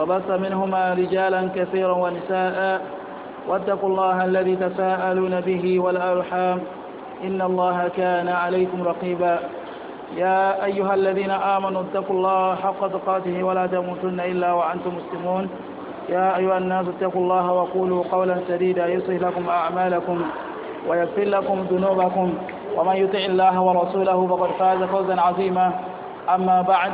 وبث منهما رجالا كثيرا ونساء واتقوا الله الذي تساءلون به والأرحام إن الله كان عليكم رقيبا يا أيها الذين آمنوا اتقوا الله حق تقاته ولا تموتن إلا وأنتم مسلمون يا أيها الناس اتقوا الله وقولوا قولا سديدا يصلح لكم أعمالكم ويغفر لكم ذنوبكم ومن يطع الله ورسوله فقد فاز فوزا عظيما أما بعد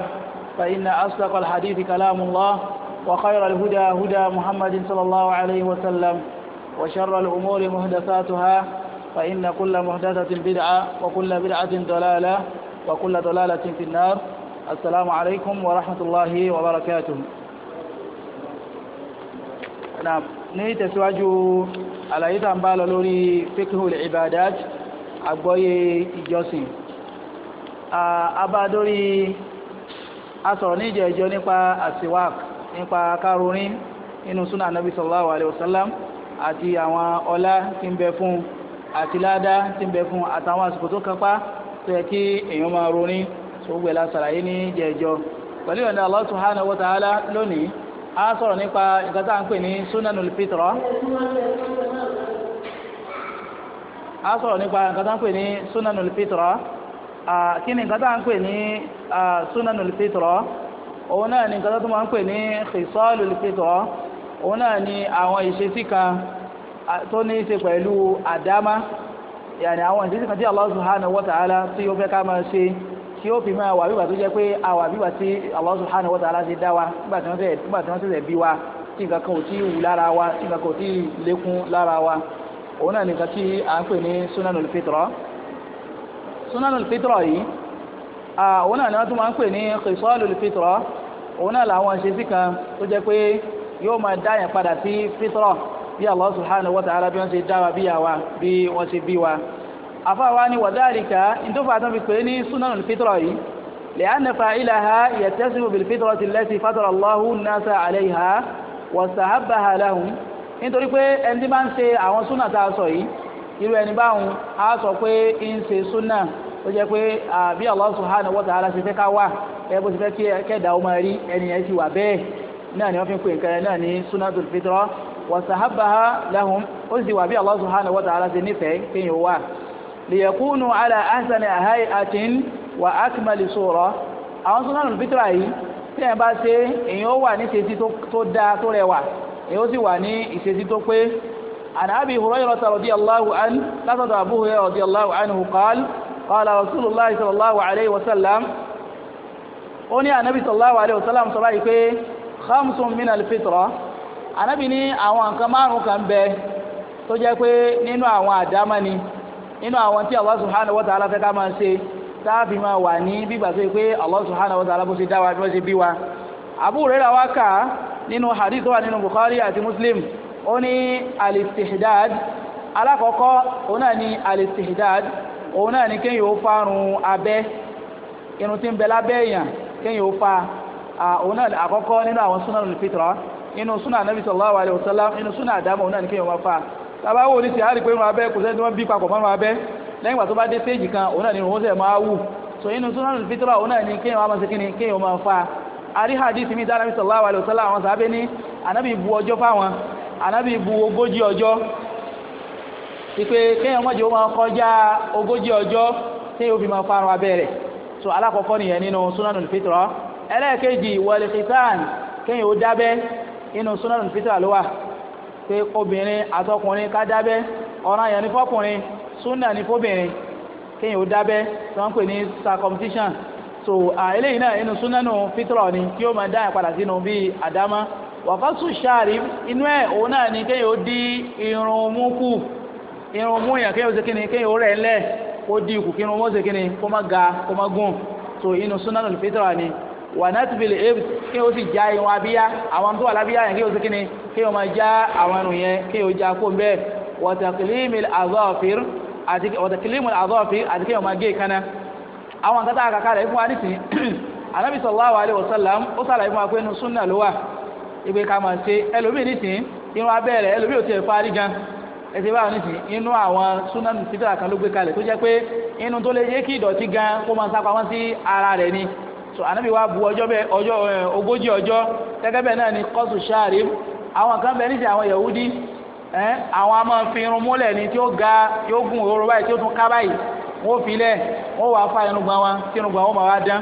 فإن أصدق الحديث كلام الله وخير الهدى هدى محمد صلى الله عليه وسلم وشر الأمور محدثاتها فإن كل محدثة بدعة وكل بدعة ضلالة وكل ضلالة في النار السلام عليكم ورحمة الله وبركاته نعم ní ìtẹ̀síwájú àlàyé tá ń bá lọ lórí fikhul ibadat àgbọ́yé ìjọsìn abá lórí nípa karorin nínú súnà anabi sallallahu alayhi wa sallam àti àwọn ọlá tí ń bẹ fún àti ládá tí ń bẹ fún àtàwọn àsìkò tó kápá tó yẹ kí èèyàn máa rorin tó gbẹ lásàlàyé ní jẹjọ pẹ̀lú ìrọ̀lẹ́ Allah subhanahu wa ta'ala lónìí a sọ̀rọ̀ nípa nǹkan tá à ń pè ní sunanul fitra a sọ̀rọ̀ nípa nǹkan tá à ń pè ní sunanul fitra kí ni nǹkan tá à ń pè ní sunanul fitra òun náà ni nǹkan tó máa ń pè ní khisalul fitra òun náà ni àwọn ìṣesí kan tó ní í ṣe pẹ̀lú àdámá yàní àwọn ìṣesí kan tí Allah subhanahu wa ta'ala tí ó fẹ́ ká máa ṣe tí ó fi máa wà tó jẹ́ pé àwà tí Allah subhanahu wa ta'ala ti dá wa nígbà tí wọ́n ṣẹ̀ṣẹ̀ bí wa tí nǹkan kan ò tí wù lára wa tí nǹkan kan ò tí lékún lára wa òun náà nìkan tí à ń pè ní òun náà ni wọ́n tún máa ń pè ní khisalul fitra òun náà làwọn ìṣesí kan tó jẹ́ pé yóò máa dá yẹn padà sí fitra bí Allah subhanahu wa ta'ala bí wọ́n ṣe dá wa bí àwa bí wọ́n ṣe bí wa. àfáwa ni wàdáàríkà ìtòfà tó fi pè ní sunanul fitra yìí لأن فاعلها يتسم بالفطرة التي فطر الله الناس عليها واستحبها لهم nítorí pé ẹni ó jẹ́ pé bí Allah subhanahu wa ta'ala ṣe fẹ́ ká wà ẹ bó ti fẹ́ kí kẹ́dà ó máa rí ẹni yẹn ti wà bẹ́ẹ̀ náà ni wọ́n fi ń pè nǹkan náà ní sunnatul fitra wa sahabaha ó sì wà bí Allah subhanahu wa ta'ala ṣe nífẹ̀ẹ́ kéèyàn wà liyakunu ala ahsani hay'atin wa akmali sura àwọn sunnatul fitra yìí tí ẹ bá ṣe èyàn ó wà ní ìṣesí tó dáa tó rẹwà èyàn ó sì wà ní ìṣesí tó pé ànábì Hurayrata radiyallahu an látọ̀dọ̀ Abu Hurayrata radiyallahu anhu qal qala rasulullahi sallallahu alayhi wa sallam ó ní ànábì sallallahu alayhi wa sallam sọ báyìí pé khamsun min alfitra ànábì ní àwọn nǹkan márùn kan bẹ tó jẹ́ pé nínú àwọn àdámání nínú àwọn tí Allah subhanahu wa ta'ala fẹ́ ká máa ṣe táàbì máa wà ní bígbà tó yẹ pé Allah subhanahu wa ta'ala bó ṣe dá wa bí wọ́n ṣe bí wa Abu Hurairah wá kà á nínú hadith tó wà nínú Bukhari àti Muslim ó ní alistihdad alákọ̀ọ́kọ́ òun náà ní alistihdad òun náà ni kéèyàn ó fárun abẹ́ irun tí ń bẹ lábẹ́ èèyàn kéèyàn ó fa òun náà àkọ́kọ́ nínú àwọn súnà olùfitrà nínú súnà anábì sallallahu alaihi wasallam nínú súnà àdámọ̀ òun náà ni kéèyàn máa fa tàbá wò ní ti àárí pé irun abẹ́ kò sẹ́ni tí wọ́n bí papọ̀ mọ́run abẹ́ lẹ́yìn ìgbà tó bá dé stéèjì kan òun náà ni irun ó sẹ̀ máa wù so inú súnà olùfitrà òun náà ni kéèyàn máa ṣe kíni kéèyàn máa fa àrí hadith mi dáná bí sallallahu alaihi wasallam àwọn sàbẹ́ ní anábì ìpè kéèyàn mọ́jọ́ máa kọjá ogójì ọjọ́ tí yóò fi máa fa àrùn abẹ́rẹ́ so alákọ̀ọ́kọ́ nìyẹn nínú sunanul fitra ẹlẹ́ẹ̀kejì wal khitan kéèyàn ó dábẹ́ nínú sunanul fitra ló wà pé obìnrin àtọkùnrin ká dábẹ́ ọ̀ràn yẹn ni fọkùnrin súnà ni fóbìnrin kéèyàn ó dábẹ́ tí wọ́n ń pè ní circumcision so eléyìí náà inú sunanul fitra ni kí ó máa dá padà sínú bíi àdámọ́ wàkọ́sù ṣáàrí inú ẹ̀ òun náà ni kéèyàn ó dí irun mú kù irun mú yàn kéèyàn ó ṣe kíni kéèyàn ó rẹ̀ kó dín ikù kí irun mú ó ṣe kó má ga kó má gùn so inú sunanul fitra ni wà láti fi lè é kí o sì já irun abíyá àwọn tó wà lábíyá yẹn kí o sì kíni kí o máa já àwọn irun yẹn kí o já kó bẹ́ẹ̀ wọ̀tàkìlímù àzọ́ọ̀fìr àti kí o máa gé ìkánná. àwọn nǹkan kàkà rẹ̀ fún wa nìsín anabi sallallahu alayhi wa sallam ó sàlàyé fún wa pé inú sunna ló wà ìgbé ká máa ṣe ẹlòmíì nìsín irun abẹ́rẹ́ ẹlòmíì ò tiẹ̀ fárí gan ẹsẹ̀ báwọn nísìnyí inú àwọn súnánù sífìlà kan ló gbé kalẹ̀ tó jẹ́ pé inú tó lè yé kí ìdọ̀tí gan kó máa sápa wọn sí ara rẹ̀ ni so anabi wa bu ọjọ́ bẹ́ẹ̀ ọjọ́ ogójì ọjọ́ gẹ́gẹ́ bẹ́ẹ̀ náà ni kọ́sù sáàrí àwọn kan bẹ́ẹ̀ nísìnyí àwọn yahudi àwọn a máa fi irun múlẹ̀ ni tí ó ga tí ó gùn òróró báyìí tí ó tún ká báyìí wọ́n fi lẹ̀ wọ́n wàá fa irùngbọ̀n wọn tí irùngbọ̀n wọn máa wá dán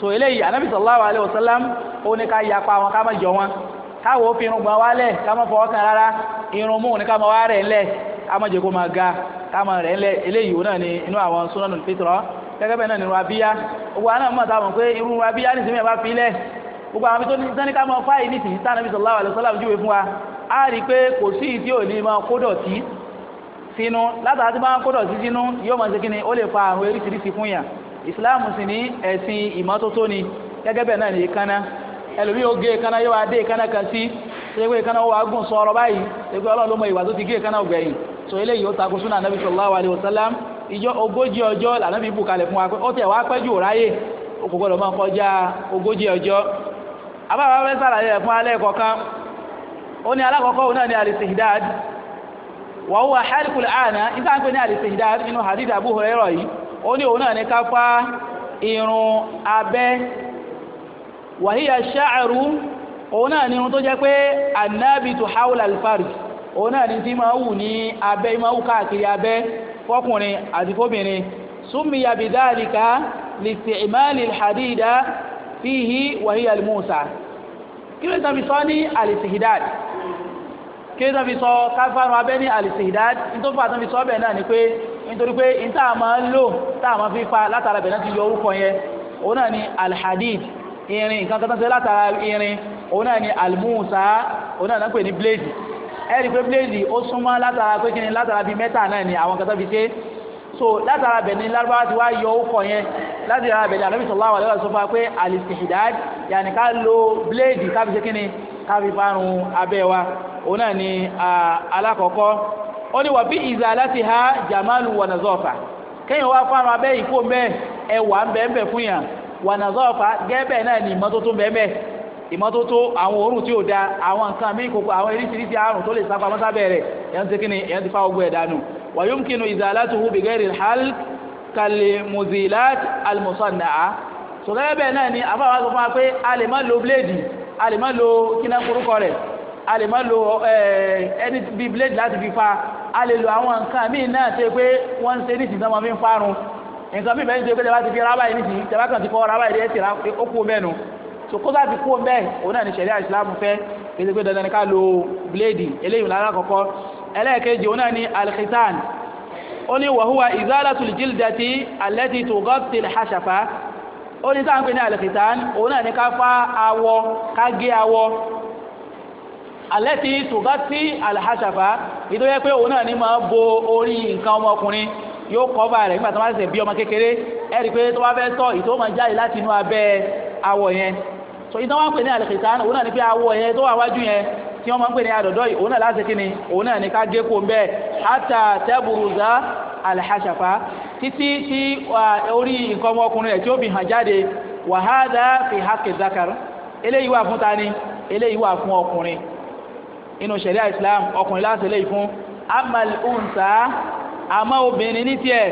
so eléyìí anabi sallallahu alayhi wa sallam ó ní ká yapa wọn ká má jọ wọn káwọ́ ó fi irun gbọ̀n wálẹ̀ ká má fọwọ́ kan rárá irun mú ní ká má wá rẹ̀ ńlẹ̀ ká má jẹ́ kó má ga ká má rẹ̀ ńlẹ̀ eléyìí òun náà ni inú àwọn sunanul fitra gẹ́gẹ́ bẹ́ẹ̀ náà ni irun abíyá gbogbo àwọn náà mọ̀ táwọn pé irun abíyá nìsín mi bá fi lẹ̀ gbogbo àwọn tó ní sani ká má fáyì nìsín sani bí sallallahu alaihi wasallam júwe fún wa á rí i pé kò sí ìdí òní máa kó dọ̀tí sínú látàtí bá ń kó dọ̀tí sínú yóò máa ṣe kí ni ó lè fa àrùn eríṣiríṣi fún yàn ìsìláàmù sì ní ẹ̀sìn ìmọ́tótó ni gẹ́gẹ́ bẹ́ẹ̀ náà ni èékánná ẹlòmíì ó gé èékánná yóò wá dé èékánná kan sí ṣé pé èékánná wà á gùn sọ ọ̀rọ̀ báyìí ṣé pé Ọlọ́run ló mọ ìwà tó ti gé èékánná ọ̀gbẹ̀yìn so eléyìí ó takò súnà anabi sallallahu alayhi wa sallam ìjọ ogójì ọjọ́ lànàbí bù kalẹ̀ fún wa pé ó tẹ̀ wá pẹ́ jù ráyè kò gbọ́dọ̀ máa kọjá ogójì ọjọ́ abáwa fẹ́ sàlàyé fún alẹ́ kọ̀ọ̀kan ó ní alákọ̀ọ́kọ́ òun náà ní alistihdad wa ana níta ń pè ní alistihdad Abu Hurairah yìí ó ní òun náà wàhíyà ṣáàrù òun náà ni ohun tó jẹ́ pé anábìtù haúlà alfari òun náà ni tí máa wù ní abẹ́ máa wù káàkiri abẹ́ fọkùnrin àti fóbìnrin súnmìyà bìdáàlìkà lìtì ìmáàlì hadida fíhí wàhíyà almusa kí ló tàbí sọ ní alìsìhidad kí ló tàbí sọ káfàánù abẹ́ ní alìsìhidad nítorí pé àtàbí sọ ọbẹ̀ náà ni pé nítorí pé ìta fi pa látara òun náà ni alhadid irin nǹkan kan tó ń ṣe látara irin òun náà ni alimusa òun náà ń pè ní blade ẹ̀rí pé blade ó súnmọ́ látara pé kí ni látara bíi mẹ́ta náà ni àwọn kan tó fi ṣe so látara bẹ̀ ni lárúbáwá ti wá yọ ó kọ̀ yẹn látara bẹ̀ ni ànábì sallallahu alaihi wasallam pé alistihdad yàní ká lo blade ká ṣe kí ni ká fi parun abẹ́ wa òun náà ni alákọ̀ọ́kọ́ ó ní wà bí izalatiha jamalu wa nazafa kéèyàn wá parun abẹ́ ìkó mẹ́ ẹwà ń fún wànàzọ́ọ̀fà gẹ́bẹ̀ náà ni ìmọ́tótó bẹ́ẹ̀ ìmọ́tótó àwọn òórùn tí ò da àwọn nǹkan mí kòkó àwọn eríṣiríṣi àrùn tó lè sá pamọ́ sábẹ́ rẹ̀ yẹn ti kíni yẹn ti fa ogun ẹ̀ dànù wàyúmkinu ìzàlátùhù bìgẹ́rì hàl kàlẹ́mùzìlát àlùmùsọ̀nàá sọ̀rọ̀ bẹ́ẹ̀ náà ni àfáwà sọ fún wa pé nǹkan bí bẹ́ẹ̀ ń ṣe pé tẹ́lá ti fi rábà yìí nìyí tẹ́lá kan ti kọ́ rábà yìí ẹ̀sìn ó kú mẹ́nu so kó sáà ti kú mẹ́ òun náà ní sẹ̀ríà ìsìlámù fẹ́ kéde pé dandan ká lo bíléèdì eléyìí lára kọ̀kọ́ ẹlẹ́ẹ̀kejì òun náà ní alkhitan ó ní wàhúwa izalatul jildati allati tughatti alhashafa ó ní sáà ń pè ní alkhitan òun náà ní ká fá awọ ká gé awọ allati tughatti alhashafa ìtọ́jẹ́ pé òun náà ní máa bo orí yóò kọ́ba rẹ̀ nígbà tó bá ṣẹ̀ṣẹ̀ bí ọmọ kékeré ẹ rí pé tó bá fẹ́ tọ̀ ìtò máa jáde láti inú abẹ́ awọ yẹn so ìtàn wọn pè ní àlìkìtàn òun náà ní pé awọ yẹn tó wà wájú yẹn tí wọ́n máa ń pè ní àdọ̀dọ́ yìí òun náà láti kíni òun náà ní ká gé kó bẹ́ẹ̀ hátà tẹ́bùrúzà alhashafa títí tí orí nǹkan ọmọkùnrin rẹ̀ tí ó fi hàn jáde wàhádà fi hákè zakar eléyìí wà fún tani eléyìí wà fún ọkùnrin inú ṣẹ̀ríà islam ọkùnrin láti eléyìí fún amal unsa ama obìnrin ní tiẹ̀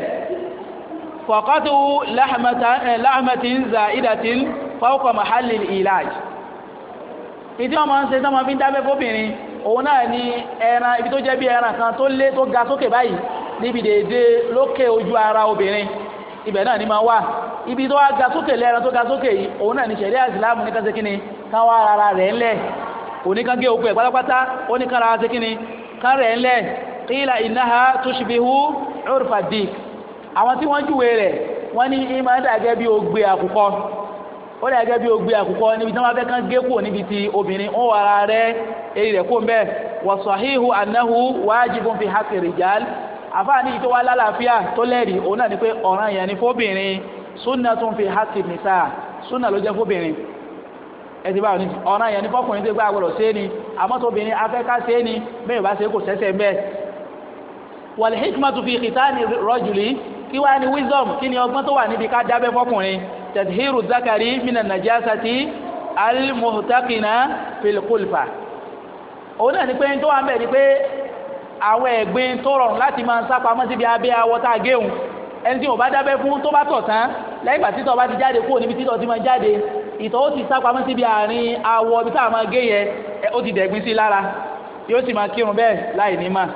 fọ̀kọ́tù láhàmẹ́tì ń za ìdàtí fọ́kọ̀ mahali ìlàj ìdí wọn ń ṣe tí fi dábẹ́ fóbìnrin òun ni ẹran ibi tó jẹ́ bí ẹran kan tó lé tó ga sókè báyìí níbi dèédé lókè ojú ara obìnrin ibẹ̀ náà ni ma wà ibi tó ga sókè lẹ́ran tó ga sókè yìí òun náà ni ṣẹ̀ríà ìsìlámù ní kánṣe wá ara rẹ̀ ńlẹ̀ gé okùn ẹ̀ pátápátá ara qila innaha tushbihu urfa dik àwọn tí wọ́n júwe rẹ̀ wọ́n ní ìmọ̀ ẹ̀dá gẹ́gẹ́ bí ogbe àkùkọ ó dà gẹ́gẹ́ bí ogbe àkùkọ níbi tí wọ́n fẹ́ kán gé kúrò níbi ti obìnrin ó wàrà rẹ̀ eré rẹ̀ kó ń bẹ́ẹ̀ wa sahihu annahu wajibun fi haqqi rijal àfáàní yìí tó wá lálàáfíà tó lẹ́rìí òun náà ni pé ọ̀ràn yẹn ni fóbìnrin súnà tó fi haqqi nìsa súnà ló jẹ́ fóbìnrin ẹtì báwo ni ọ̀ràn yẹn ni fọkùnrin tó gbà gbọdọ̀ sé ni àmọ́ tóbìnrin afẹ́ká sé ni bẹ́ẹ̀ bá sé kò sẹ́sẹ̀ bẹ́ẹ̀ wal hikmatu fi khitani rajuli kí wàá ní wisdom kí ni ọgbọ́n tó wà níbi ká dábẹ́ fọkùnrin tadhiru zakari mina najasati almuhtakina filkulfa òun náà ni pé tó wà ń bẹ̀ ni pé àwọn ẹ̀gbin tó rọrùn láti máa ń sá pamọ́ síbi abẹ́ awọ tá a géun ẹni tí wọn bá dábẹ́ fún tó bá tọ̀ tán lẹ́yìn títọ́ bá ti jáde kúrò níbi títọ́ ti máa jáde ìtọ̀ ó ti sá pamọ́ síbi àárín awọ ibi tá a máa gé yẹn ó ti dẹ̀gbin sí lára yóò sì máa kírun bẹ́ẹ̀ láì ní máa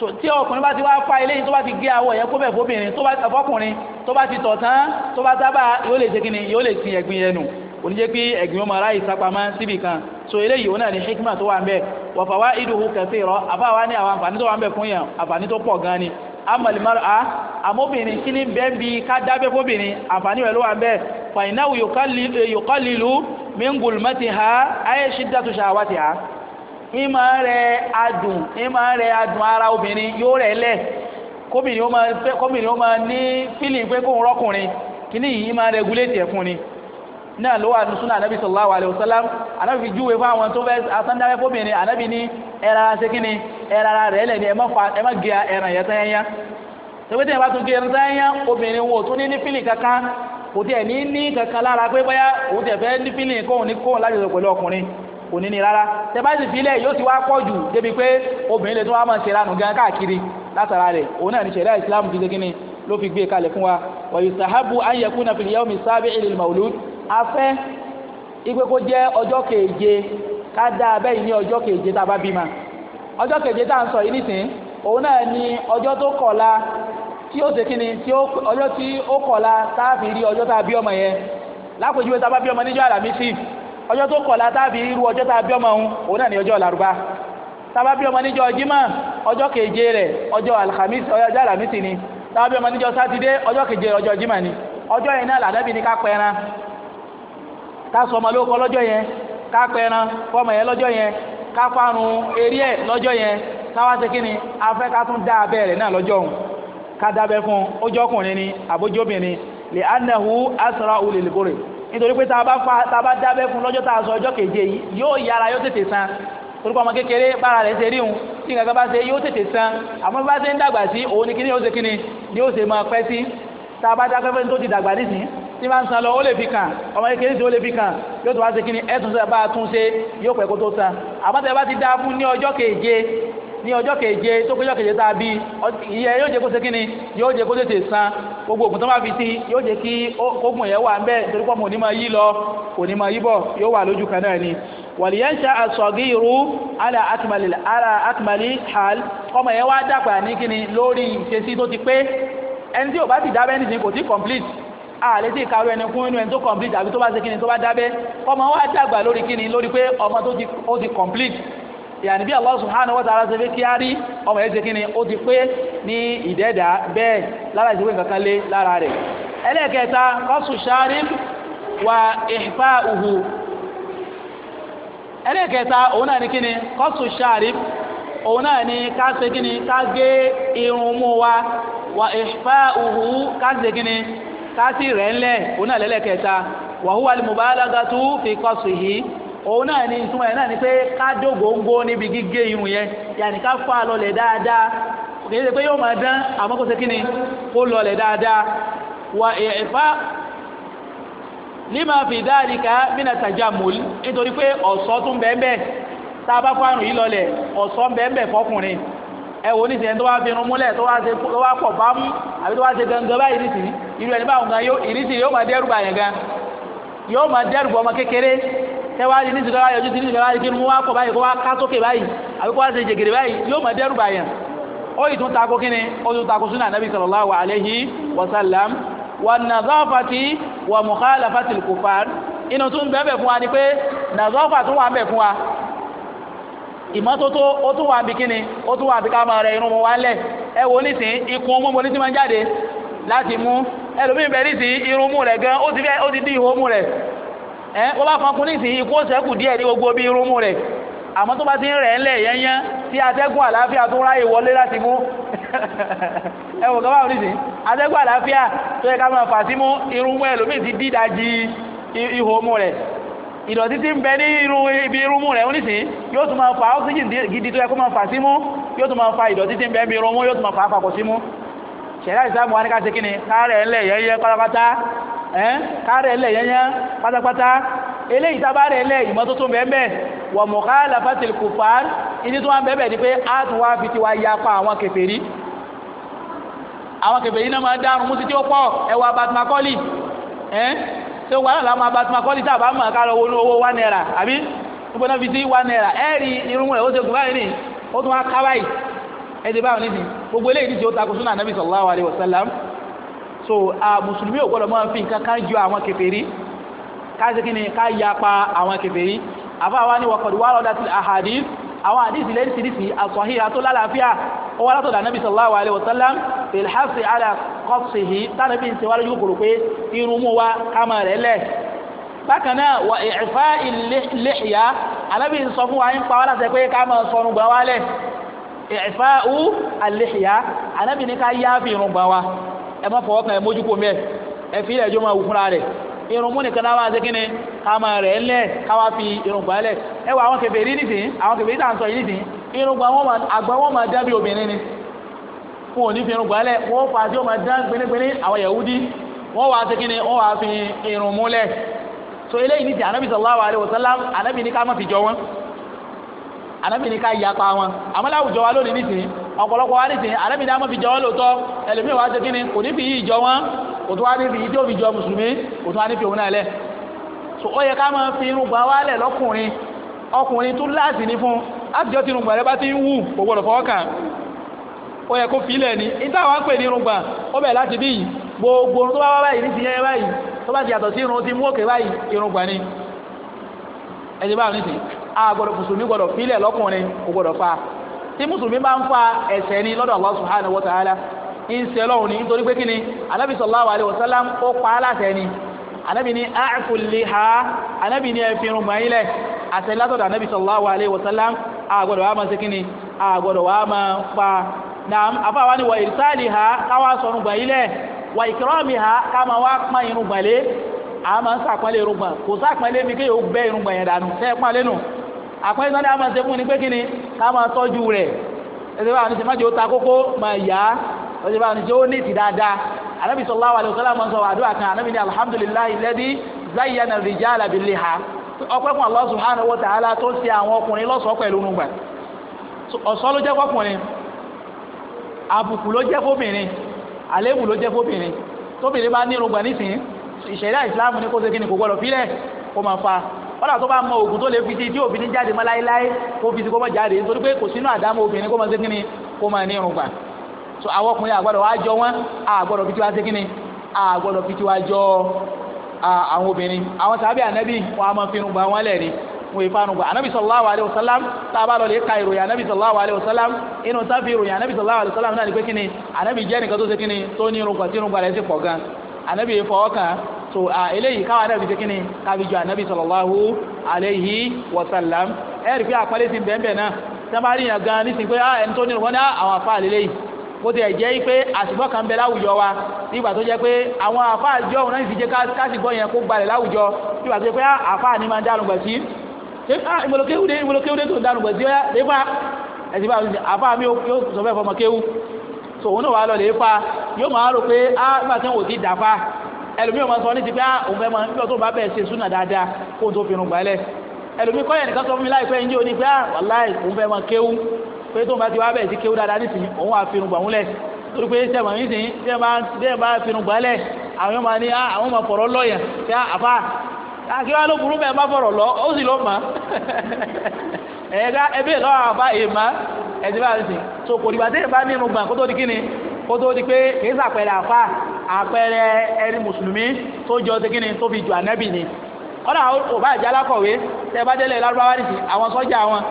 so tí ọkùnrin bá ti wá fa eléyìí tó bá ti gé awọ yẹn kó bẹ̀ fóbìnrin tó bá fọkùnrin tó bá ti tọ̀ tán tó bá sábà yóò lè segin ni yóò lè sin ẹ̀gbin yẹn nù kò ní jẹ́ pé ẹ̀gbin ọmọ aráyè sápamọ́ síbì kan so eléyìí òun náà ni hikma tó wà ń bẹ̀ wa fawaiduhu kathira àfáwa ní àwọn àǹfààní tó wà ń bẹ̀ fún yẹn àǹfààní tó pọ̀ gan ni amalimari a amóbìnrin kí ni bẹ́ẹ̀ bí ká dábẹ́ fóbìnrin àǹfààní rẹ̀ ló wà ń bẹ̀ fàìnáwó yòkálìlú Ị rẹ̀ adùn ìmọ̀ adùn ara obìnrin yóò rẹ̀ lẹ̀ kóbìnrin ó máa fẹ́ kóbìnrin ó máa ní fílì pé kóhun rọ́kùnrin kíní yìí máa rẹ̀gúlétì ẹ̀ fún ni náà ló wà ní anabi anábì sallallahu alaihi wasallam anábì fi júwe fún àwọn tó fẹ́ asáńdáwẹ́ fóbìnrin anábì ní ẹran ara kíni ara rẹ̀ ẹ má yẹn yẹn bá tún kò ní ní rárá tẹ́báìsì fílẹ̀ yóò ti wá pọ̀ jù débi pé obìnrin lè tún wá máa ṣe lánàá gan káàkiri látara rẹ̀ òun náà ní ṣẹ̀dá ìsìlámù ti ṣe ni ló fi gbé e kalẹ̀ fún wa wàyí sàhábù ayẹkú náà fìlẹ̀ yẹ́wọ̀n mi sábẹ́ ilẹ̀ màlúù afẹ́ ipe kó jẹ́ ọjọ́ keje ká dá abẹ́ yìí ní ọjọ́ keje tá a bá bímọ ọjọ́ keje tá à ń sọ yìí nìsín òun náà ní ọjọ́ tó kọ̀la tí ó ṣe ni ọjọ́ tí ó kọ̀la tá a fi rí ọjọ́ tá a bí ọmọ yẹn lápèjúwe tá a bá bí ọmọ níjọ́ àlàmísì ọjọ́ tó kọ̀ látàbí irú ọjọ́ tá a bí ọmọ òun náà ni ọjọ́ làrúbá tábà bí ọmọ níjọ́ jimá ọjọ́ keje rẹ̀ ọjọ́ alhamisi ọjọ́ alamisi ni tábà bí ọmọ níjọ́ sátidé ọjọ́ keje ọjọ́ ni ọjọ́ yẹn náà lọ́jọ́ yẹn fọmọ yẹn ni afẹ́ ká tún rẹ̀ náà lọ́jọ́ òun ká dábẹ́ fún ni lè asra olè nítorí pé tá a bá fa tá a dábẹ́ fún lọ́jọ́ tá sọ ọjọ́ keje yìí yóò yára yóò tètè san orúkọ ọmọ kékeré bára rẹ̀ ṣe rí òun tí nǹkan kan bá ṣe yóò tètè san àmọ́ bá ṣe ń dàgbà sí òun ni kíní yóò ṣe kíní ni yóò ṣe máa pẹ́ sí tá a bá tó ti dàgbà nísìnyí tí máa ń san lọ ó lè fi kàn ọmọ kékeré sì ó lè fi kàn yóò tó wá ṣe kíní ẹ̀sùn sí bá tún ṣe yóò pẹ́ kó tó san àmọ́ tẹ́ bá ti dá fún ní ọjọ́ keje ní ọjọ́ keje tó péjọ́ keje tá a bí ìyẹn yóò jẹ́ kó ṣe kíní yóò jẹ́ kó tètè san gbogbo ògùn tó bá fi sí yóò jẹ́ kí ogun yẹn wà ń bẹ́ẹ̀ torí pọ́mù onímọ̀ yí lọ onímọ̀ yí bọ̀ yóò wà lójú kan náà ni wàlíyànṣà àsọ̀gírú ala akmali ala akmali hal ọmọ yẹn wá dàgbà ní kíni lórí ìṣesí tó ti pé ẹni tí ò bá ti dábẹ́ nísìnyí kò tí complete àlè tí ìkarú ẹni fún inú ẹni tó complete àbí tó bá ṣe kíni tó bá dábẹ́ ọmọ wá dàgbà lórí kíni lórí pé ọmọ tó ti complete yàní bí Allah subhanahu wa ta'ala ṣe fẹ́ kí á rí ọmọ yẹn ṣe kí ni ó ti pé ní ìdẹ́dà bẹ́ẹ̀ lára ìṣèwé kankan lé lára rẹ̀ ẹlẹ́ẹ̀kẹta kọ́sù sharib wa ihfa'uhu ẹlẹ́ẹ̀kẹta òun náà ni kí ni kọ́sù sharib òun náà ni ká ṣe kí ni ká gé irun mú wa wa ihfa'uhu ká ṣe kí ni ká sì rẹ̀ ńlẹ̀ òun náà lẹ́lẹ́kẹta wa huwa al-mubalagatu òun náà ni ìtumọ̀ yẹn náà ni pé ká dógóńgó níbi gígé irun yẹn yàní ká lọlẹ̀ dáadáa kì yíò pé yóò kí ni kó lọlẹ̀ dáadáa wà ẹ̀fá fi nítorí pé tún tá a bá yìí lọlẹ̀ fọkùnrin ẹ wo ní sẹ́yìn fi irun múlẹ̀ tó wá pọ̀ bámú àbí gangan báyìí irú ẹni báwọn gan tẹ́wárí ní ìsìnkú ayọ̀jú ti ní ìsìnkú ayọ̀jú kí wọ́n kọ̀ báyìí kó wá ká sókè báyìí àbí kó wá ṣe jẹgẹrẹ báyìí yóò máa dẹ́rù bàyàn ó yìí tún takò kíni ó tún takò súnà nàbí sallallahu alayhi wa sallam wà nàzọ́fàtì wà mùkálàfàtì kùfàr inú tún bẹ́ẹ̀ fún wa ni pé nàzọ́fà tún wà ń bẹ̀ fún wa ìmọ́tótó ó tún wà ń bi kíni ó tún wà ń bi ká máa rẹ irun mu wá lẹ̀ ẹ wo nísìn ikùn ọmọ mo ní ti máa jáde láti mú ẹlòmíín bẹ nísìn irun mú rẹ̀ gan ó ti di ìhó mú rẹ̀ ẹ wọ́n bá kan kún nísìnyí kó sẹ́kù díẹ̀ ní gbogbo bí irun mú rẹ̀ àmọ́ tó bá ti ń rẹ̀ ńlẹ̀ yẹ́nyẹ́ tí atẹ́gùn àlàáfíà tó ráyè wọlé láti mú ẹ wò gbọ́dọ̀ nísìnyí atẹ́gùn àlàáfíà tó yẹ ká máa fà sí mú irun mú ẹlòmíì ti dídá ji ihò mú rẹ̀ ìdọ̀tí tí ń bẹ ní ibi irun mú rẹ̀ nísìnyí yóò tún máa fa oxygen gidi tó yẹ kó máa fà sí mú yóò tún máa fa ìdọ̀tí tí ń bẹ ní irun mú yóò tún máa fà á papọ̀ sí mú ṣẹ̀dá ìsáàmù wa ní ká ṣe kí ká rẹ̀ ńlẹ̀ yẹ́yẹ́ pátápátá ẹ́ kárẹ̀ lẹ̀ yẹnyẹ́ pátápátá eléyìí tá a bá rẹ̀ lẹ̀ ìmọ́tótó bẹ́ẹ̀ wọ̀ mọ̀kálà fásitì kùfà ìdí tó wà bẹ́ẹ̀ ni pé a tún wá fi tiwa yapa àwọn kèfèrí àwọn kèfèrí náà máa dárun mùsùlùmí tí ó pọ̀ ẹwà bàtìmákọ́lì ẹ́ tí ó wà náà láwọn bàtìmákọ́lì tá a bá mọ̀ ká lọ wọnú owó one naira àbí gbogbo náà fi sí one naira ẹ̀ẹ́rì irun rẹ̀ ó ti gùn báyìí ni ó tún wá ká báyìí ẹ̀ so mùsùlùmí ò gbọ́dọ̀ máa fi nǹkan kan ju àwọn kèfèrí káṣe kí ni ká yapa àwọn kèfèrí àfáà wa ní wọ̀kọ̀dù wà lọ́dá sí àhàdí àwọn àdísì lẹ́sìdìsì àsọ̀híra tó lálàáfíà ó wá látọ̀dà nábi sallallahu alaihi wasallam bilhassi ala qasihi tánàbí ṣe wájú kòrò pé irun mú wa kama rẹ̀ lẹ̀ bákan náà wà ìfá ìlẹ́yà alábì sọ fún wa ń pa wá láti pé ká máa sọrun gbà wá lẹ̀ ìfá ìlẹ́yà alábì ní ká irun gbà ẹ má fọwọ́ kan ẹ mójú kò mẹ́ ẹ fi ilẹ̀ ẹjọ́ máa wù fúnra rẹ̀ irun mú nìkan láwa ṣe kíni àmọ́ rẹ̀ ńlẹ̀ káwa fi irun gbà lẹ̀ ẹ wọ àwọn kèfèrí nìsín àwọn kèfèrí tà ń sọ yìí nìsín irun gbà wọn àgbà wọn máa dábì obìnrin ni wọn ò ní fi irun gbà lẹ̀ wọn fà á tí wọn máa dá gbénégbéné àwọn Yahudi wọn wà á kíni wọn wà fi irun mú lẹ̀ so eléyìí nìsín anabi sallallahu alayhi wa sallam anabi ní ká má fi jọ wọn anabi ní ká yapa wọn àmọ́ láwùjọ wa lónìí nìsín ọ̀pọ̀lọpọ̀ wa ní sìn àlẹ́ mi ní a máa fi jọ wọ́n lóòótọ́ ẹlòmíì wàá ṣe kíni kò ní fi yí ìjọ wọn kò tó wá ní fi yí tí ó fi jọ mùsùlùmí kò tó wá ní fi òun náà lẹ̀ so ó yẹ ká máa fi irun gbà wálẹ̀ lọ́kùnrin ọkùnrin tún láàsì ní fún àtijọ́ tí irun gbà rẹ bá ti ń wù kò gbọdọ̀ fọwọ́ ni ìta wa ń pè ní irun gbà ó bá ní sí irun ti ni ní ti a gbọdọ̀ mùsùlùmí gbọdọ̀ filẹ̀ lọ́kùnrin kò gbọdọ̀ fa tí mùsùlùmí bá ń fa ẹ̀ṣẹ̀ ni lọ́dọ̀ Allah subhanahu wa ta'ala ìṣẹ̀ lọ́hùn ni nítorí pé kí ni anábì sallallahu alaihi wasallam ó pa á láṣẹ ni anábì ni àkùlé ha anábì ni ẹ̀fìrún mọ́ílẹ̀ àṣẹ látọ̀dọ̀ anábì sallallahu alaihi wasallam àgbọ̀dọ̀ wa máa ṣe kí ni àgbọ̀dọ̀ wa máa pa naam afáwa ni wà ìrìsáàlì ha káwá sọ̀rùn gbàyílẹ̀ wà ìkìrọ́ọ̀mì ha káma wá pọ́n irun gbàlé àmà ń sàpọ́nlé irun gbà kò sàpọ́nlé mi kéèyàn ó bẹ́ irun gbà yẹn dànù sẹ́ẹ̀ pọ́nlé nù àpẹẹrẹ sọ́dọ̀ àmà ṣe fún ni pé kí ni ká máa tọ́jú rẹ̀ ẹsẹ̀ báwọn oníṣẹ́ májò ta kókó máa yá ẹsẹ̀ báwọn oníṣẹ́ ó ní ìtì dáadáa anabi sallallahu alayhi wa sallam sọ àdúrà kan anabi ni alhamdulillahi alladhi zayyana ar-rijala bil-liha ọpẹ́ fún Allah subhanahu wa ta'ala tó ṣe àwọn ọkùnrin lọ́ṣọ̀ọ́ pẹ̀lú nùgbà ọ̀ṣọ́ ló jẹ́ fọkùnrin àbùkù ló jẹ́ fóbìnrin àléébù ló jẹ́ fóbìnrin tóbìnrin bá ní irùngbọ̀n nísìnyí ìṣẹ̀dá ìsìláàmù ní kó ṣe kí ni kò gbọ́dọ̀ fílẹ̀ kó máa fa wọ́n dà tó bá mọ òògùn tó lè fi ti tí obìnrin jáde mọ́ láéláé kó fi ti kó mọ́ jáde nítorí pé kò sínú àdámọ́ obìnrin kó mọ́ sí kíni kó mọ́ ní irun gbà so àwọn ọkùnrin àgbọ̀dọ̀ wá jọ wọ́n àgbọ̀dọ̀ fi ti wá sí kíni àgbọ̀dọ̀ fi ti wá jọ àwọn obìnrin àwọn sàbí ànábì wọn a máa fi irun gbà wọn lẹ̀ wọn yìí fanu gbà ànábì sallallahu alaihi wasallam tá a bá lọ sallallahu alaihi wasallam inú sábì ìròyìn ànábì sallallahu alaihi wasallam náà ni pé kíni ànábì jẹ́ nìkan tó ṣe kíni tó ní irun gbà tí irun so eléyìí káwa náà fi ṣe kíni kábi ju ànábì sallallahu alayhi wa sallam ẹ rí i pé àpálẹ́ ti bẹ́ẹ̀ bẹ́ẹ̀ náà sábàárì yàn gan ní sin pé ah, ẹni tó ní ìrùkọ́ ah, ní àwọn afá àlélẹ́yìí bó ti ẹ̀ jẹ́ pé àsìgbọ́ kan bẹ láwùjọ wa nígbà tó jẹ́ pé àwọn àfa àjọ òun náà ti jẹ́ kásìgbọ́ yẹn kó gbalẹ̀ láwùjọ nígbà tó jẹ́ pé ah, àfa ni máa ń dárun gbẹ̀sí ìmọ̀lókéwúdé ìmọ̀lókéwúdé tó ń dárun gbẹ̀sí ó yá lépa ẹ̀sìn bá àfa mi yóò sọ fẹ́ fọmọ kéwú so òun náà wà lọ lépa yóò máa rò pé á nígbà tí wọn ò ti dàfa ẹlòmíì ò máa sọ ní ti pé á ah, òun fẹ́ máa ń gbọ́ tó bá bẹ̀ẹ́ ṣe súnà dáadáa kó o tó fi irun gbálẹ̀ ẹlòmíì kọ́yẹ̀ nìkan sọ fún mi láìpẹ́ yín jẹ́ òní pé á ah, wàláì òun fẹ́ máa kéwú pé tó bá ti wá bẹ̀ẹ́ sí kéwú dáadáa nísìnyí òun wà fi irun gbà wúlẹ̀ torí pé sẹ́wọ̀n nísìnyí bẹ́ẹ̀ bá fi gbálẹ̀ àwọn máa ní ah, àwọn máa fọ̀rọ̀ lọ́yàn pé àbá kí wọ́n ló burú bẹ́ẹ̀ bá fọ̀rọ̀ lọ ó sì lọ́ mà á ẹ̀ẹ́dá ẹbí ẹ̀ àbá èèmá ẹ̀dí bá ti sìn so kò dìgbà tẹ́yìn bá nínú gbà kó tó di kíni kó tó di pé kìí sàpẹrẹ àfa àpẹrẹ ẹni mùsùlùmí tó jọ ti kíni tó fi jù ànábì ni kọ́nà òbá ìjà alákọ̀wé tẹ bá délé lárúbáwá nìsí àwọn sọ́jà wọn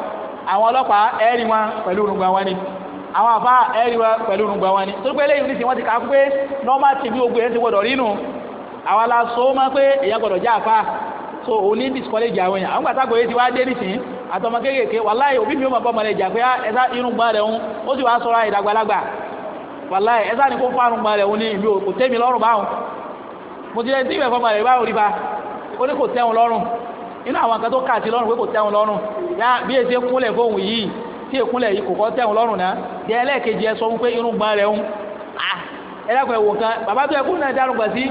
àwọn ọlọ́pàá ẹ̀rí wọn pẹ̀lú orúngbà wọn ni àwọn àfa ẹ̀rí wọn pẹ̀lú orúngbà wọn ni tó pé lẹ́yìn nìsí wọn ti kà á pé nọ́ọ̀mà tì bí ogun yẹn ti gbọdọ̀ rínú àwọn aláṣọ máa pé èèyàn gbọdọ̀ já àfa so òun ní discourage àwọn èèyàn àwọn gbàtàgbọ̀ yìí ti wá dé nìsín àtọmọ kéékèèké wàláyé òbí mi ò mọ̀ bọ́ mọ̀lẹ́jà pé ah, irun wàláì ẹ ni ní kó fárun gba rẹ̀ òun ní ìlú kò tẹ́mi lọ́rùn báwọn mo ti lẹ́yìn tí ìwẹ̀ fọmọ rẹ̀ báwọn rí ba ó ní kò tẹ́wọn lọ́rùn inú àwọn kan tó kà sí lọ́rùn pé kò tẹ́wọn lọ́rùn yá bí èsì kúnlẹ̀ fóun yìí tí èkúnlẹ̀ yìí kò kọ́ tẹ́wọn lọ́rùn náà jẹ́ ẹlẹ́ẹ̀kejì ẹ sọ fún pé irun gba rẹ̀ òun ẹ dákun ẹ wò kan bàbá tó yẹ náà dárun gbà sí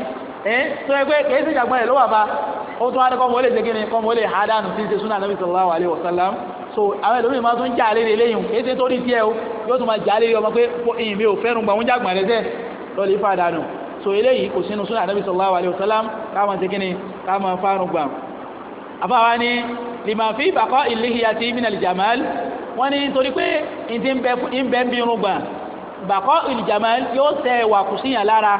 ẹ tó yẹ pé kèé sì rẹ̀ ló wà bá ó tún wá ní ó so àwọn ẹlòmíì máa tún jà léde léyìn èsì tó ní tiẹ̀ o yóò tún máa jà léde ọmọ pé ìyìn mi ò fẹ́ràn gbà wọ́n jàgbọ̀n rẹ̀ sẹ́ lọ́ọ̀lì fàdà nù so eléyìí kò sínú súnà ànábì sallallahu alaihi wasallam káàmà ti kíni káàmà fárùn gbà àbáwá ni lima fi bàkọ́ ìlíhìyàtì minal jamal wọ́n ní torí pé ìdí ń bẹ́ ń bí irun gbà bàkọ́ ìlìjàmẹ́ yóò tẹ wà kùsìyàn lára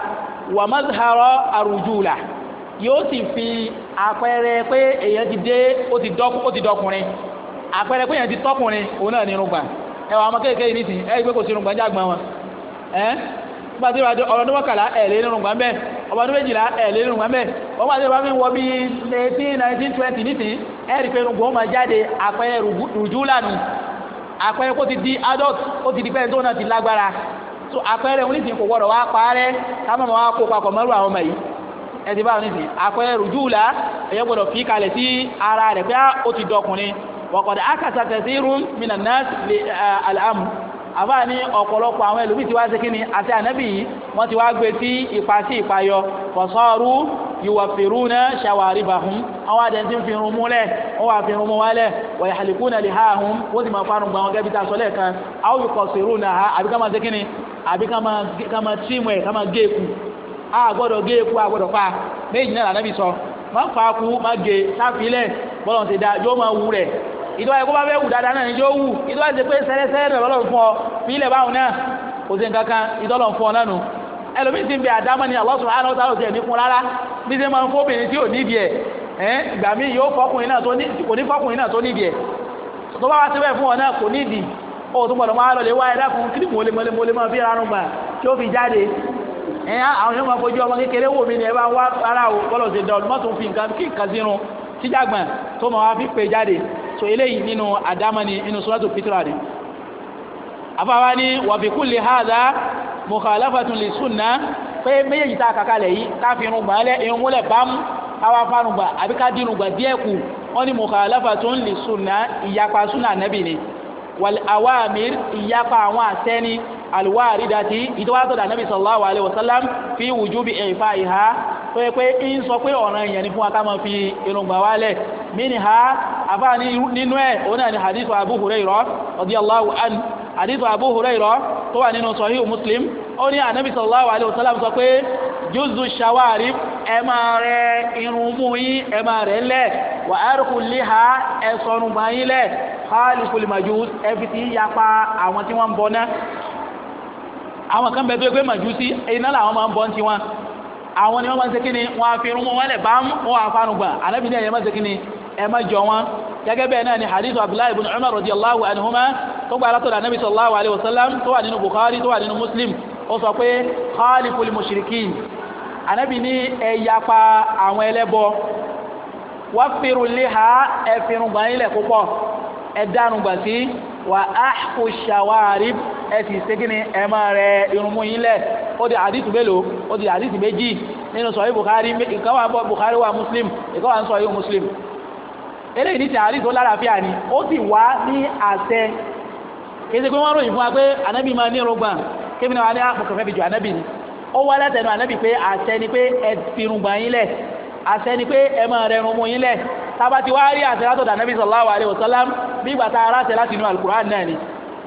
wà mọ́sàárọ̀ àrùjùlà yóò sì fi àpẹẹrẹ pé èèyàn ti dé ó ti dọ́kùnrin àpẹẹrẹ pé yẹn ti tọkùnrin òun náà ní irungba ẹ wà ọmọ kéèké yìí nìsín ẹ gbé kò sí irungba ń jágbọn wọn ẹ nígbà tí ìwádìí ọ̀rọ̀ ọdún mọ́kànlá ẹ̀ lé irungba ń bẹ̀ ọmọ ọdún méjìlá ẹ̀ lé irungba ń bẹ̀ wọ́n bá ti wá fi wọ bí eighteen nineteen twenty nìsín ẹ rí i pé irungba ó máa jáde àpẹẹrẹ rùjú lànà àpẹẹrẹ kó ti di adult ó ti di pẹ́ẹ́n tó náà ti lágbára so àpẹẹrẹ òun nìsín kò gbọdọ̀ wá parẹ́ ká má má wá kó papọ̀ mọ́rù àwọn ọmọ yìí ẹ ti bá wọn nìsín àpẹẹrẹ rùjú là ẹ̀yẹ́ gbọdọ̀ fi kalẹ̀ sí ara rẹ̀ pé ah, ó ti dọkùnrin wọ́kọ̀dà akasa kathirun minan nas lè àlámù àbá ní ọ̀pọ̀lọpọ̀ àwọn ẹlòmíì tí wá sí kíni àti ànábì yìí wọ́n ti wá gbé sí ipa sí ìpayọ fọ̀sọ́ọ̀rù yuwaffiruna shawaribahum àwọn àdẹ̀ntí ń fi irun múlẹ̀ wọ́n fi irun mú wálẹ̀ wa yahlikuna lihahum ó náà lànà ìdíwá yẹ kó bá fẹ́ wù dáadáa náà níjó wù ìdíwá ti pé sẹ́lẹ́sẹ́lẹ́ náà lọ́lọ́run fún ọ fi ilẹ̀ báwọn náà kò sí nǹkan kan ìdọ́lọ́run fún ọ náà nù ẹlòmíì ti ń bẹ àdámọ́ ni Allah subhanahu wa ta'ala ti ẹ̀ ní fún rárá bí ṣe máa ń fóbìnrin tí ò nídìí ẹ̀ ẹ̀ ìgbà míì yóò fọkùnrin náà tó ní kò ní fọkùnrin náà tó nídìí ẹ̀ tó bá wá síbẹ̀ fún ọ náà kò nídìí ó tún gbọ́dọ̀ máa lọ so eléyìí nínú àdámọ́ni nínú suratul fitra ni afáwa ni wa fi kulli hadha mukhalafatun li sunna pé méjèèjì tá a kàkálẹ̀ yìí ká fi irun gbà lẹ̀ irun múlẹ̀ bámú káwá fárun gbà àbí ká dínú gbà díẹ̀ kù wọ́n ní mukhalafatun li sunna ìyapa sunna nẹ́bì ni wal awamir ìyapa àwọn àtẹ́ni alwaridati ìtọ́wátọ̀ dà nẹ́bì sallallahu alaihi wasallam fi wujubi ifa iha tó yẹ pé ń sọ pé ọ̀ràn èèyàn ni fún wa ká máa fi irùngbọ̀n wálẹ̀ minha àbá nínú ẹ̀ òun náà ni hadith abu hurairah radiyallahu anhu hadith abu hurairah tó wà nínú sahih muslim ó ní anabi àwọn kan bẹ tó gbé màjúsí iná làwọn máa ń bọ ní tiwọn àwọn ni wọ́n máa ń ṣe kí ni wọ́n á fi irun wọn lẹ̀ bámú wọ́n á fanu gbà alábi ní ẹ̀yẹ máa ń ṣe kí ni ẹ má jọ wọn gẹ́gẹ́ bẹ́ẹ̀ náà ni hadith abdullahi ibn umar radiyallahu anhuma tó gba alátọ̀dọ̀ anabi sallallahu alayhi wa sallam tó wà nínú bukhari tó wà nínú muslim ó sọ pé khaliful mushrikin anabi ní ẹ yapa àwọn ẹlẹ́bọ wọ́n firu liha ẹ firun gbà yín lẹ̀ púpọ̀ ẹ dánu gbà sí wà á ẹ sì ṣe kí ni ẹ máa rẹ irunmú yín lẹ̀ ó di àdìsí mélòó ó di àdìsí méjì nínú sọ̀rí Bukhari ìkan wà Bukhari wà Muslim ìkan wà ń sọ̀rí Muslim eléyìí ní ti àdìsí ó lálàáfíà ni ó sì wá ní àṣẹ kì í ṣe pé wọ́n ròyìn fún wa pé ànábì máa ní irùngbọ̀n kébìnrin wa ní àpòkànfẹ́ ah, fi jù ànábì ni ó wá látẹnu ànábì pé àṣẹ ni pé ẹ fi irùngbọ̀n yín lẹ̀ àṣẹ ni pé ẹ máa rẹ irunmú yín lẹ̀ tába ti wá rí àṣẹ látọ̀dọ̀ ànábì sallallahu alaihi wasallam bí ìgbà tá a rá àṣẹ láti inú alukur'an náà ni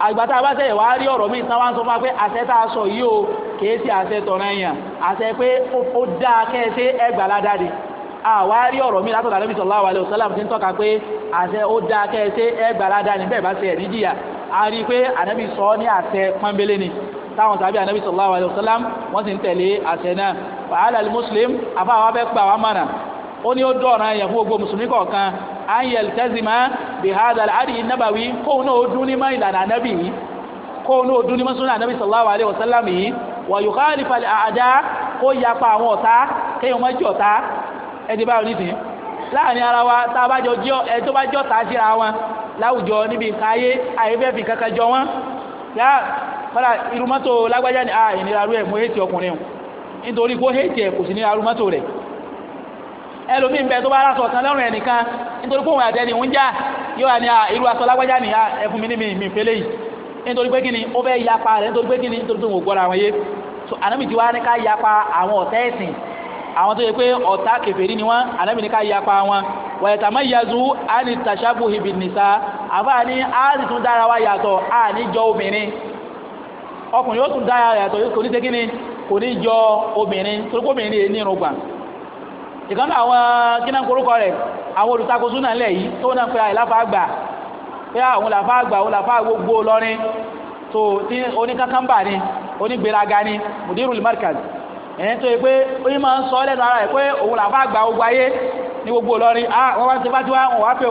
àgbàtà abáṣẹ ìwà rí ọ̀rọ̀ mi tán wá ń sọ fún wa pé àṣẹ a sọ yìí o kìí ṣe àṣẹ tọ̀rọ̀ èèyàn àṣẹ pé ó dáa kẹ́ẹ̀ṣe ẹgbàládáde àwa rí ọ̀rọ̀ mi látọ̀dọ̀ Ànábì sallallahu alaihi wasallam ti ń tọ́ka pé àṣẹ ó dáa kẹ́ẹ̀ṣe ẹgbàládáde bẹ́ẹ̀ bá ṣe ẹ̀ níjìyà a rí i pé Ànábì sọ ní àṣẹ pọ́nbélé ni táwọn tàbí Ànábì sallallahu alaihi wasallam wọ́n ti ń tẹ̀lé àṣẹ náà wàhálà muslim àfáà wa fẹ́ pa àwọn mọ̀nà ó ní ó dọ̀ràn èèyàn fún gbogbo mùsùlùmí kọ̀ọ̀kan ayẹl tẹ́sìmá bihada alhadi nabawi kóun náà ó dún ní mọ́ ìlànà anábì yìí kóun náà ó dún ní mọ́ súnà anábì sallallahu alayhi wa sallam yìí wa yukhalifa al-a'da kó yapa àwọn ọ̀tá kéèyàn mọ́ jẹ́ ọ̀tá ẹni báyọ̀ láàrin ara wa tá bá jọ jọ ẹ tó bá jọ tá síra wọn láwùjọ níbi nǹkan ayé àyẹ̀fẹ́ fi kankan jọ wọn yá kọ́lá irúmọ́tò lágbájá ni ah ìnira rú ẹ̀ mú hẹ́ẹ̀tì ọkùnrin o nítorí kó hẹ́ẹ̀tì ẹ̀ kò sí ní arúmọ́tò rẹ̀ ẹlòmíì ń bẹ tó bá rásọ̀ kan lọ́rùn ẹnìkan nítorí pé òun àtẹni òun já yóò wà ní irú aṣọ lágbájá ní ẹfun mi ní mi fẹ́lẹ́ yìí nítorí pé kíni ó fẹ́ yapa rẹ̀ nítorí pé kíni nítorí pé òun gbọ́ra àwọn yé so ànábì tí wàá ní ká yapa àwọn ọ̀tá ẹ̀sìn àwọn tó yẹ pé ọ̀tá kèfèrí ni wọ́n ànábì ní ká yapa wọn wàyẹ̀tà má yazu àni tàṣàbù ibi nìsa àfààní àti tún dára wa yàtọ̀ àní jọ obìnrin ọkùnrin yóò tún dára yàtọ̀ kò ní ṣe kíni kò ní jọ obìnrin torí pé obìnrin ní irun gbà ìkànnì àwọn kí náà àwọn olùtakò súnà ńlẹ̀ yìí tó náà pé àìláfà àgbà pé àwọn làfà àgbà àwọn làfà gbogbo lọ́rin tó tí oníkankanbà ni onígbéraga ni mudirul markaz ẹ̀yìn tó yẹ pé oyin máa ń sọ lẹ́nu ara rẹ̀ pé òun làfà àgbà gbogbo ayé ní gbogbo lọ́rin wọ́n wá ń tẹ́fà tí wọ́n wá pé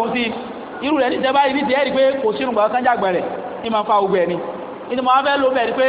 fa ogun ẹ̀ ni ìdìmọ̀ wọn ni pé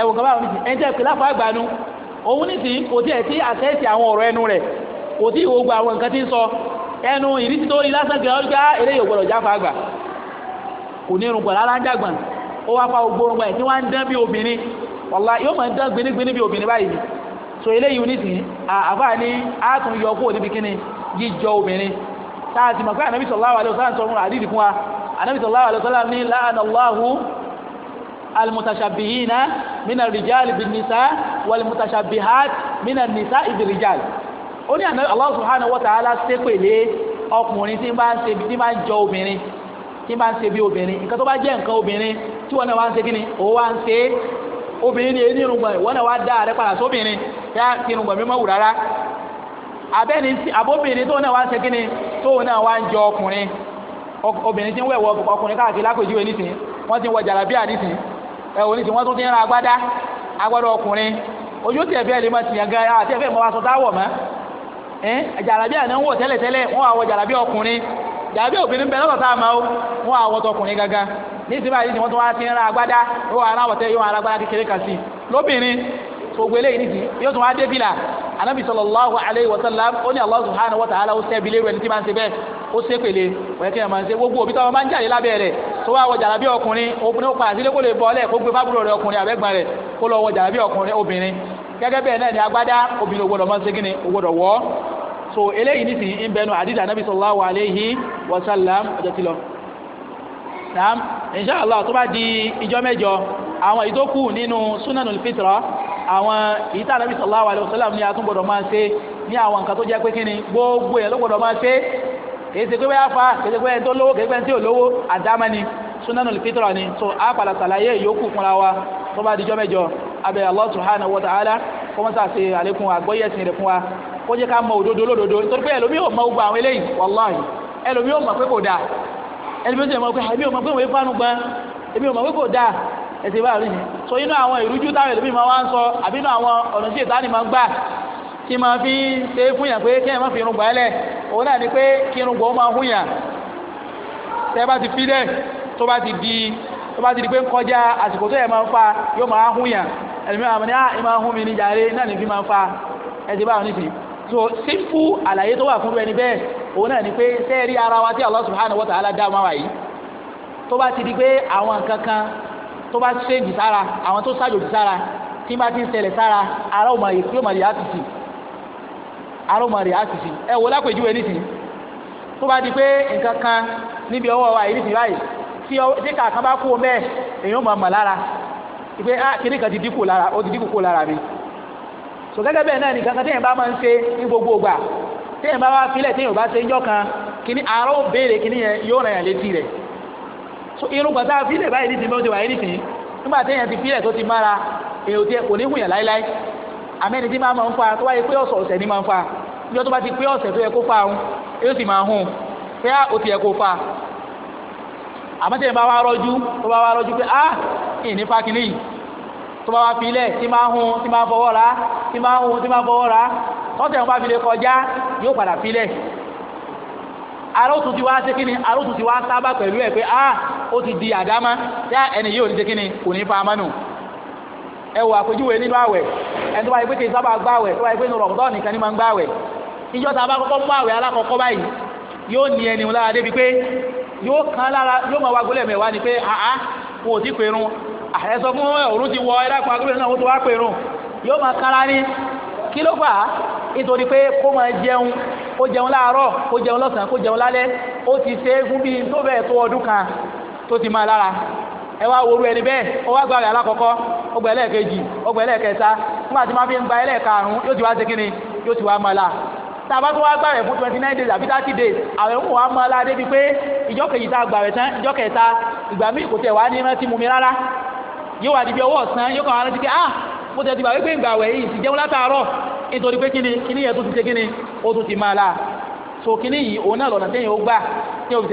ẹ̀wọ̀n kan báwọn nìsín ẹni tẹ́ pé láfa àgbàánu òun nìsín kò tí ẹ̀ tí àtẹ́sì àwọn ọ̀rọ̀ ẹnu rẹ̀ kò tí ìwò gba àwọn nǹkan tí ń sọ ẹnu ìrísí tó rí lásán kìlọ̀ ọdún ká eléyìí ògbọ̀dọ̀ jáfa àgbà kò ní irun gbọ̀dọ̀ aláǹdàgbọ̀n ó wá fa gbogbo orun wa tí wọ́n ń dán bí obìnrin wàlá yóò máa ń dán gbinigbini bí so eléyìí nìsín àfáà a àtún yọ kó níbi kíni jíjọ obìnrin táà ti mọ̀ المتشبهين من الرجال بالنساء والمتشبهات من النساء بالرجال ó ní àná Allah subhanahu wa ta'ala ṣépèlé ọkùnrin tí máa ń ṣe tí máa ń jọ obìnrin tí máa ń ṣe bí obìnrin nǹkan tó bá jẹ́ nǹkan obìnrin tí wọ́n náà wá ń ṣe kíni òun wá ń ṣe obìnrin ní ẹni irùngbọ̀n ìwọ́n náà wá dá ààrẹ padà sóbìnrin yá kí irùngbọ̀n mi mọ́ wù rárá abẹ́ni abóbìnrin tóun náà wá ń ṣe kíni tóun náà wá ń jọ ọkùnrin obìnrin tí ń wẹ̀wọ̀ ọkùnrin káàkiri lápèjúwe nísìnyí wọ́n ti wọ jàlábíà nísìnyí ẹ wò ní tí wọ́n tún ti ń ra agbada agbada ọkùnrin ojú tí ẹ̀fẹ́ lè máa tìyàn gan ara àti ẹ̀fẹ́ mọ́ aṣọ táwọ̀ mọ́ ẹ jàlábí àná ń wọ̀ tẹ́lẹ̀tẹ́lẹ̀ wọ́n àwọ̀ jàlábí ọkùnrin jàlábí obìnrin bẹ̀rẹ̀ lọ́sọ̀ àmọ́ wọ́n àwọ̀ tọkùnrin gangan ní ìsinmi àti ìsinmi tó wá ti ń ra agbádá yóò ara wọ̀tẹ́ yóò ara agbádá kékeré kan sí lóbìnrin gbogbo eléyìí nìsí yóò tún wá dé bìlà anabi sallallahu alayhi wa sallam ó ní subhanahu wa ta'ala ó sẹ́bi máa ń tó bá wọ jàlábí ọkùnrin obìnrin ó pa àtìlẹ́ kó lè bọ́ ọlẹ́ kó gbé fábúrò rẹ̀ ọkùnrin àbẹ́gbọ́n rẹ̀ kó lọ wọ jàlábí ọkùnrin obìnrin gẹ́gẹ́ bẹ́ẹ̀ náà ni agbádá obìnrin ògbọ́dọ̀ mọ́ sí kíni ògbọ́dọ̀ wọ̀ so eléyìí ní sìn ń bẹnu àdìdà nàbì sallallahu alayhi wa sallam ọjọ́ ti lọ. naam inshallah tó bá di ìjọ mẹ́jọ àwọn ìdókù nínú sunanul fitra àwọn ìta nàbì sallallahu alayhi wa sallam ni a tún gbọ́dọ̀ máa ṣe ní àwọn nǹkan tó jẹ́ pé kíni gbogbo yẹn ló gbọ́dọ̀ máa ṣe kìí pé bẹ́ẹ̀ afa kìí pé ẹni lówó kìí pé ẹni lówó àdámá ni sunanul fitra ni so a padà sàlàyé ìyókù fúnra wa tó bá dijọ́ mẹ́jọ abẹ́ Allah subhanahu wa ta'ala kó mọ́ àlékún àgbọ́yé ẹ̀sìn rẹ̀ fún wa kó jẹ́ ká mọ òdodo lódodo nítorí pé ẹlòmíì ò mọ gbogbo àwọn eléyìí wàláhì ẹlòmíì ò mọ̀ pé kò dáa ẹlòmíì ò sì pé ẹbí ò mọ̀ pé òun fánu gan ẹbí ò mọ̀ pé kò dáa ẹ̀sìn bá rí ni so inú àwọn ìrújú táwọn ẹlòmíì máa wá ń sọ àbínú àwọn ọ̀nà tí ìtaní máa ń gbà kí n máa fi ṣe é fún yàn pé kí n máa fi irun gbà á òun náà ni pé kí irun gbà ó máa hún yàn tẹ́ bá ti fi dẹ̀ tó bá ti di tó bá ti di pé ń kọjá àsìkò tó yẹ máa ń fa yóò máa hún yàn ẹlòmíràn àmọ́ ní à ìmọ̀ hún mi ní jàre náà ní fi máa fa ẹ ti bá so sífù àlàyé tó wà fún ẹni bẹ́ẹ̀ òun náà ni pé sẹ́ẹ̀rí ara wa tí Allah subhanahu wa ta'ala dá máa wà yìí tó bá ti di pé àwọn nǹkan kan tó bá ṣe jù sára àwọn tó ṣàjòjì sára tí bá ti ń ṣẹlẹ̀ sára ara ò máa yẹ á ti sì arọ́mọ rẹ̀ á sì sí ẹ wò lápèjúwe nísìnyí tó bá di pé nǹkan kan níbi ọwọ́ wa ìrísí báyìí tí díkà kan bá kú mẹ́ẹ̀ èèyàn mọ̀ mọ̀ lára ìpé á ah, kiri kan ti dínkù lára ó ti dínkù kó lára mi so gẹ́gẹ́ bẹ́ẹ̀ náà nìkan kan téèyàn bá máa ń ṣe ní gbogbo ìgbà téèyàn bá wá filẹ̀ téèyàn bá ṣe ń jọ́ kan kíní àárọ̀ béèrè kíní yẹn yóò ràn yàn létí rẹ̀ so irun kan tá a filẹ̀ báyìí nísìnyí bó ti wà nísìnyí nígbà téèyàn ti filẹ̀ tó ti mára èèyàn ò ní hùyàn láíláí àmẹ́ni tí máa máa ń fa tó bá yẹ pé ọ̀sẹ̀ ọ̀sẹ̀ ni máa ń fa níjọ́ tó bá ti pé ọ̀sẹ̀ tó yẹ kó fa òun yóò sì máa hùn pé ó ti yẹ kó fa àmọ́ tí ẹ bá wá rọ́jú tó bá wá rọ́jú pé á ìní fákìlì tó bá wá filẹ̀ tí máa hun tí máa fọwọ́ ra tí máa hun tí máa fọwọ́ ra wọ́n tẹ̀ wọ́n bá fi lè kọjá yóò padà filẹ̀ arótù ti wá ṣe kíni arótù ti wá sábà pẹ̀lú ẹ̀ pé á ó ti di àdámá tí ẹni yóò ní ṣe kíni kò ní fa amánù ẹ wò àpèjúwe nínú àwẹ̀ ẹni tó bá yẹ pé kìí sábà gbá àwẹ̀ tó bá yẹ pé nínú Ramadan nìkan ni máa ń gbá àwẹ̀ ìjọ tá a bá kọ́kọ́ mú àwẹ̀ alákọ̀ọ́kọ́ báyìí yóò ní ẹni wọn lára débi pé yóò kàn lára yóò máa wá gbólẹ̀ mẹ́wàá ni pé àá kò tí pèrún àhẹsọ fún òrùn ti wọ ẹlẹ́kùn agbébẹ̀ náà wọ́n tó wá pèrún yóò máa kára ní kí ló fà á nítorí pé kó máa jẹun kó jẹun láàárọ̀ kó jẹun lọ́sàn-án kó jẹun lálẹ́ ó ti ṣe é fún bíi tó bẹ́ẹ̀ tó ọdún kan tó ti máa lára ẹwà wá wo ẹni bẹ́ẹ̀ ó wá gba àwẹ̀ alákọ̀ọ́kọ́ ó gba ẹlẹ́ẹ̀kejì ó gba nígbà tí fi ń gba ẹlẹ́ẹ̀karùn-ún yóò ti wá ṣe kí yóò ti wá la a bá tó wá gba àwẹ̀ fún twenty nine days àbí thirty days débi pé ìjọ kejì tá a gba tán ìjọ kẹta ìgbà kò wá ní rántí mu mi rárá yóò wá di ti wípé ìgbà yìí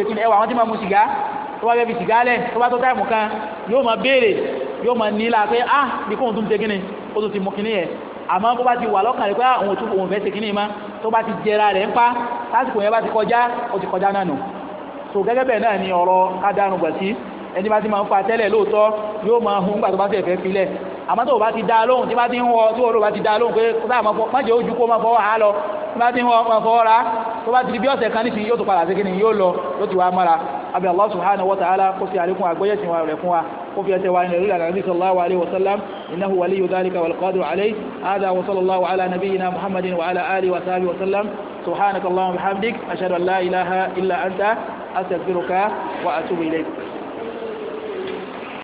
ti tó bá fẹ́ fi sìgá lẹ̀ tó bá tó táìmù kan yóò máa béèrè yóò máa nílà pé ah bí kóhun tún ṣe kíni ó tún ti mú kíní yẹn àmọ́ bó bá ti wà lọ́kàn rẹ̀ pé àwọn ah, òtún òun fẹ́ ṣe kíní ma tó bá ti jẹra rẹ̀ ń pa lásìkò yẹn bá ti kọjá ó ti kọjá náà nù so gẹ́gẹ́ bẹ́ẹ̀ náà ni ọ̀rọ̀ kádàrún gbà sí ẹni bá ti máa ń fa tẹ́lẹ̀ lóòótọ́ yóò máa hun gbà tó bá fẹ́ fẹ́ filẹ̀ àmọ́ tó o bá ti dá lóhùn tí bá ti ń wọ tí olóò bá ti dá lóhùn pé bá àmọ́ má jẹ́ ojú kó má fọwọ́ hà lọ tí bá ti ń wọ má fọwọ́ ra tó bá ti di bí ọ̀sẹ̀ kan nísìnyí yóò tó padà sí kí ni yóò lọ yóò ti wá mọ́ra abi Allah subhanahu wa ta'ala kó fi àlékún àgbọ́yé tiwọn rẹ̀ fún wa kó fi ẹsẹ̀ wa ní ìrírí àlàyé sallallahu alayhi wa sallam innahu waliyu dhalika wal qadiru alayhi hadha wa sallallahu ala nabiyyina muhammadin wa ala alihi wa sahbihi wa sallam subhanaka allahumma bihamdik ashhadu an ilaha illa anta astaghfiruka wa atubu ilayk